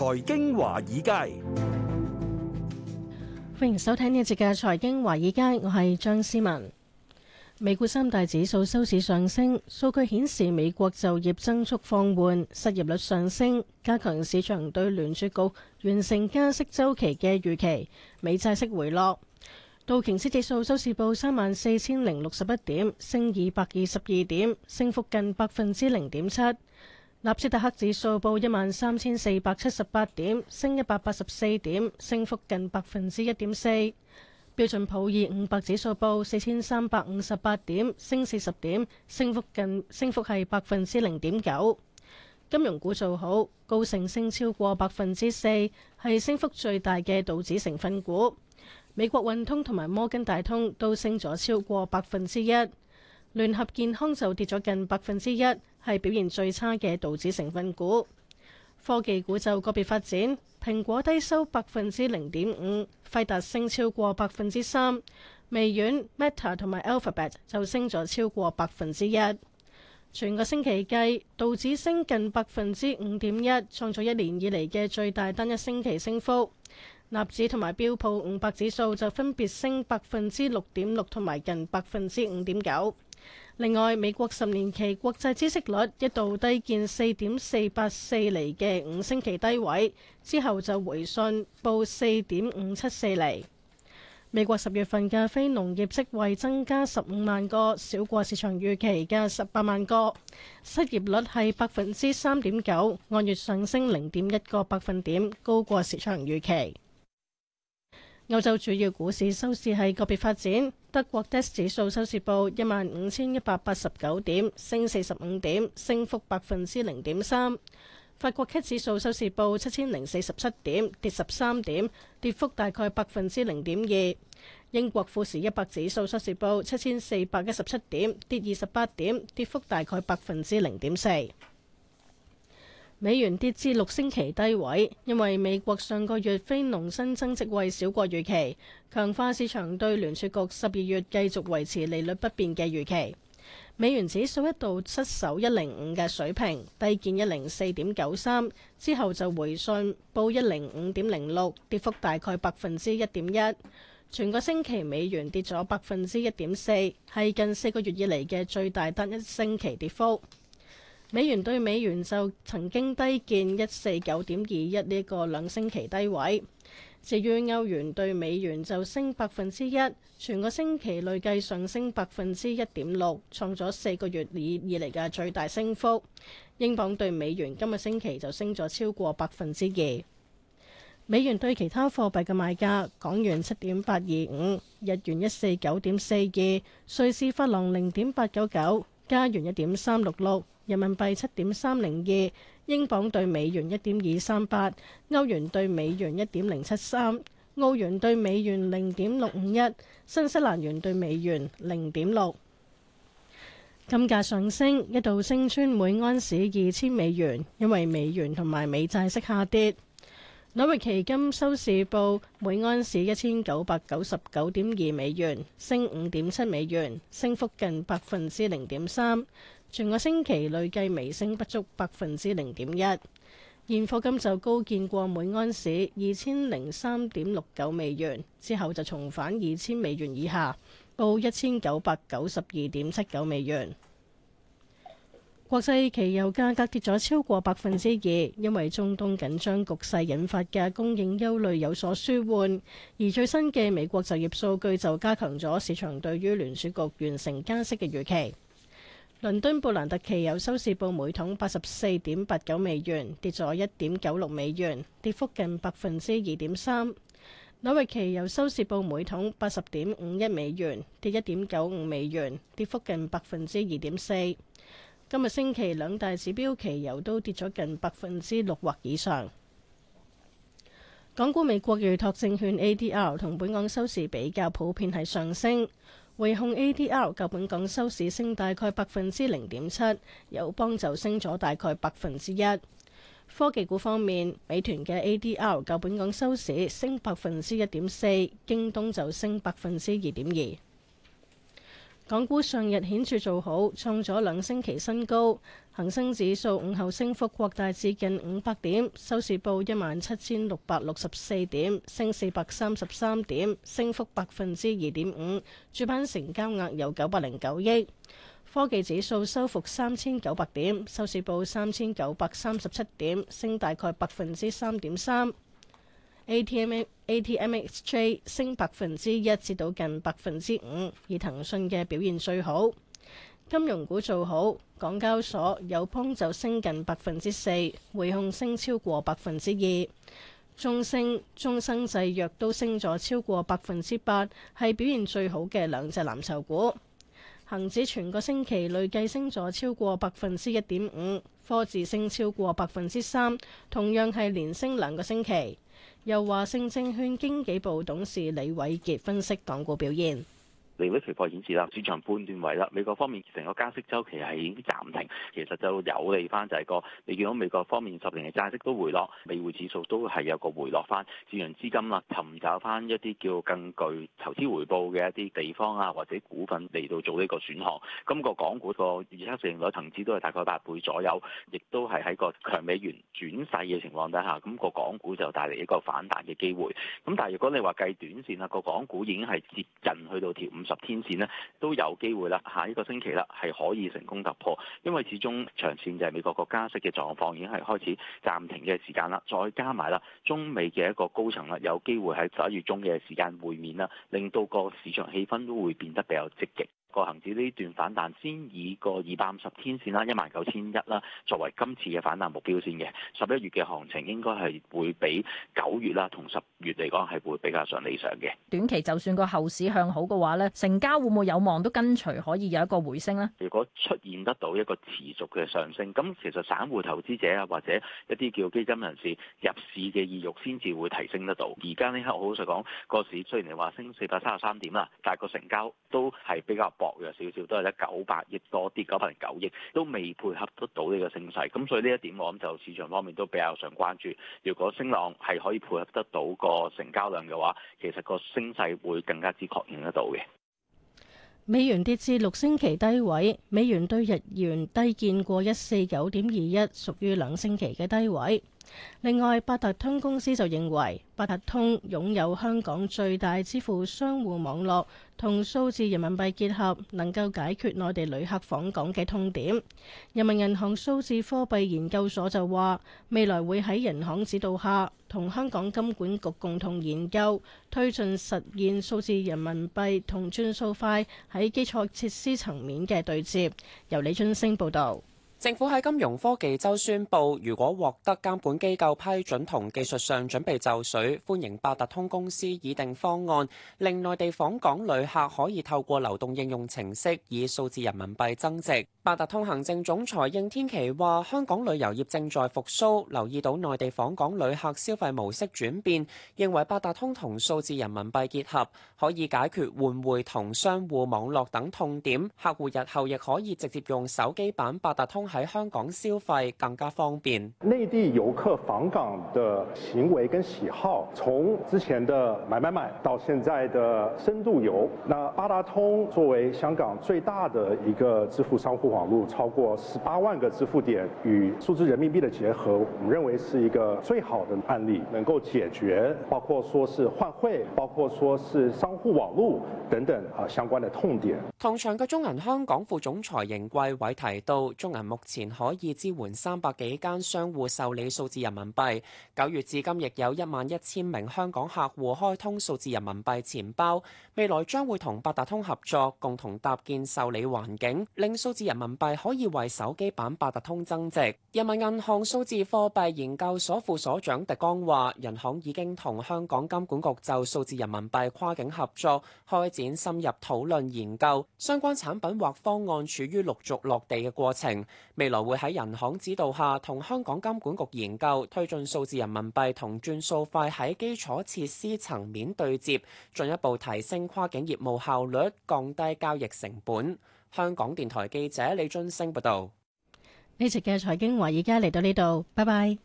財經華爾街，歡迎收聽呢一節嘅財經華爾街，我係張思文。美股三大指數收市上升，數據顯示美國就業增速放緩，失業率上升，加強市場對聯儲局完成加息周期嘅預期。美債息回落，道瓊斯指數收市報三萬四千零六十一點，升二百二十二點，升幅近百分之零點七。納斯達克指數報一萬三千四百七十八點，升一百八十四點，升幅近百分之一點四。標準普爾五百指數報四千三百五十八點，升四十點，升幅近升幅係百分之零點九。金融股造好，高盛升超過百分之四，係升幅最大嘅道指成分股。美國運通同埋摩根大通都升咗超過百分之一，聯合健康就跌咗近百分之一。係表現最差嘅道指成分股，科技股就個別發展，蘋果低收百分之零點五，費達升超過百分之三，微軟、Meta 同埋 Alphabet 就升咗超過百分之一。全個星期計，道指升近百分之五點一，創造一年以嚟嘅最大單一星期升幅。納指同埋標普五百指數就分別升百分之六點六同埋近百分之五點九。另外，美國十年期國債息率一度低見四點四八四厘嘅五星期低位，之後就回信報四點五七四厘。美國十月份嘅非農業職位增加十五萬個，少過市場預期嘅十八萬個。失業率係百分之三點九，按月上升零點一個百分點，高過市場預期。歐洲主要股市收市係個別發展。德國 DAX 指數收市報一萬五千一百八十九點，升四十五點，升幅百分之零點三。法國 CAC 指數收市報七千零四十七點，跌十三點，跌幅大概百分之零點二。英國富時一百指數收市報七千四百一十七點，跌二十八點，跌幅大概百分之零點四。美元跌至六星期低位，因為美國上個月非農新增職位少過預期，強化市場對聯儲局十二月繼續維持利率不變嘅預期。美元指數一度失守一零五嘅水平，低見一零四點九三，之後就回信報一零五點零六，跌幅大概百分之一點一。全個星期美元跌咗百分之一點四，係近四個月以嚟嘅最大單一星期跌幅。美元兌美元就曾經低見一四九點二一呢個兩星期低位。至於歐元對美元就升百分之一，全個星期累計上升百分之一點六，創咗四個月以以嚟嘅最大升幅。英鎊對美元今日星期就升咗超過百分之二。美元對其他貨幣嘅賣價：港元七點八二五，日元一四九點四二，瑞士法郎零點八九九，加元一點三六六。人民幣七點三零二，英鎊兌美元一點二三八，歐元兌美元一點零七三，澳元兌美元零點六五一，新西蘭元兌美元零點六。金價上升，一度升穿每安士二千美元，因為美元同埋美債息下跌。紐約期金收市報每安士一千九百九十九點二美元，升五點七美元，升幅近百分之零點三。全個星期累計微升不足百分之零點一，現貨金就高見過每安士二千零三點六九美元，之後就重返二千美元以下，報一千九百九十二點七九美元。國際期油價格跌咗超過百分之二，因為中東緊張局勢引發嘅供應憂慮有所舒緩，而最新嘅美國就業數據就加強咗市場對於聯儲局完成加息嘅預期。倫敦布蘭特期油收市報每桶八十四點八九美元，跌咗一點九六美元，跌幅近百分之二點三。紐約期油收市報每桶八十點五一美元，跌一點九五美元，跌幅近百分之二點四。今日星期兩大指標期油都跌咗近百分之六或以上。港股美國預託證券 ADR 同本港收市比較普遍係上升。匯控 ADR 較本港收市升大概百分之零點七，友邦就升咗大概百分之一。科技股方面，美團嘅 ADR 較本港收市升百分之一點四，京東就升百分之二點二。港股上日顯著做好，創咗兩星期新高。恒生指數午後升幅擴大至近五百點，收市報一萬七千六百六十四點，升四百三十三點，升幅百分之二點五。主板成交額有九百零九億。科技指數收復三千九百點，收市報三千九百三十七點，升大概百分之三點三。A T M A T M X J 升百分之一至到近百分之五，以騰訊嘅表現最好。.金融股做好，港交所有邦就升近百分之四，匯控升超過百分之二，中升中生製藥都升咗超過百分之八，係表現最好嘅兩隻藍籌股。恒指全個星期累計升咗超過百分之一點五，科指升超過百分之三，同樣係連升兩個星期。有華盛證券經紀部董事李偉杰分析港股表現。利率期貨顯示啦，市場判斷為啦。美國方面成個加息周期係已經暫停，其實就有利翻就係個你見到美國方面十年嘅債息都回落，美匯指數都係有個回落翻，自然資金啦尋找翻一啲叫更具投資回報嘅一啲地方啊，或者股份嚟到做呢個選項。咁、那個港股個預測市盈率層次都係大概八倍左右，亦都係喺個強美元轉勢嘅情況底下，咁、那個港股就帶嚟一個反彈嘅機會。咁但係如果你話計短線啦，那個港股已經係接近去到跳五。十天線咧都有機會啦，下一個星期啦係可以成功突破，因為始終長線就係美國個加息嘅狀況已經係開始暫停嘅時間啦，再加埋啦，中美嘅一個高層啦有機會喺十一月中嘅時間會面啦，令到個市場氣氛都會變得比較積極。個恆指呢段反彈，先以個二百五十天線啦，一萬九千一啦，作為今次嘅反彈目標先嘅。十一月嘅行情應該係會比九月啦同十月嚟講係會比較上理想嘅。短期就算個後市向好嘅話咧，成交會唔會有望都跟隨可以有一個回升呢？如果出現得到一個持續嘅上升，咁其實散戶投資者啊或者一啲叫基金人士入市嘅意欲先至會提升得到。而家呢刻好老實講，個市雖然話升四百三十三點啦，但係個成交都係比較。薄弱少少，都係得九百億多啲，九百零九億都未配合得到呢個升勢，咁所以呢一點我諗就市場方面都比較上關注。如果升浪係可以配合得到個成交量嘅話，其實個升勢會更加之確認得到嘅。美元跌至六星期低位，美元兌日元低見過一四九點二一，屬於兩星期嘅低位。另外，八達通公司就認為八達通擁有香港最大支付商戶網絡同數字人民幣結合，能夠解決內地旅客訪港嘅痛點，人民銀行數字貨幣研究所就話未來會喺銀行指導下。同香港金管局共同研究，推進實現數字人民幣同轉數快喺基礎設施層面嘅對接。由李津升報道。政府喺金融科技周宣布，如果獲得監管機構批准同技術上準備就緒，歡迎八達通公司擬定方案，令內地訪港旅客可以透過流動應用程式以數字人民幣增值。八達通行政總裁應天琪話：香港旅遊業正在復蘇，留意到內地訪港旅客消費模式轉變，認為八達通同數字人民幣結合可以解決換匯同商戶網絡等痛點。客戶日後亦可以直接用手機版八達通喺香港消費，更加方便。內地遊客訪港的行為跟喜好，從之前的買買買到現在的深度遊，那八達通作為香港最大的一個支付商戶。網絡超過十八萬個支付點與數字人民幣的結合，我們認為是一個最好的案例，能夠解決包括說是換匯、包括說是商戶網絡等等啊相關的痛點。同場嘅中銀香港副總裁邢桂偉提到，中銀目前可以支援三百幾間商戶受理數字人民幣，九月至今亦有一萬一千名香港客戶開通數字人民幣錢包，未來將會同八達通合作，共同搭建受理環境，令數字人。人民幣可以為手機版八達通增值。人民銀行數字貨幣研究所副所長狄剛話：人行已經同香港金管局就數字人民幣跨境合作開展深入討論研究，相關產品或方案處於陸續落地嘅過程。未來會喺人行指導下，同香港金管局研究推進數字人民幣同轉數快喺基礎設施層面對接，進一步提升跨境業務效率，降低交易成本。香港電台記者李俊升報道。呢節嘅財經華爾街，而家嚟到呢度，拜拜。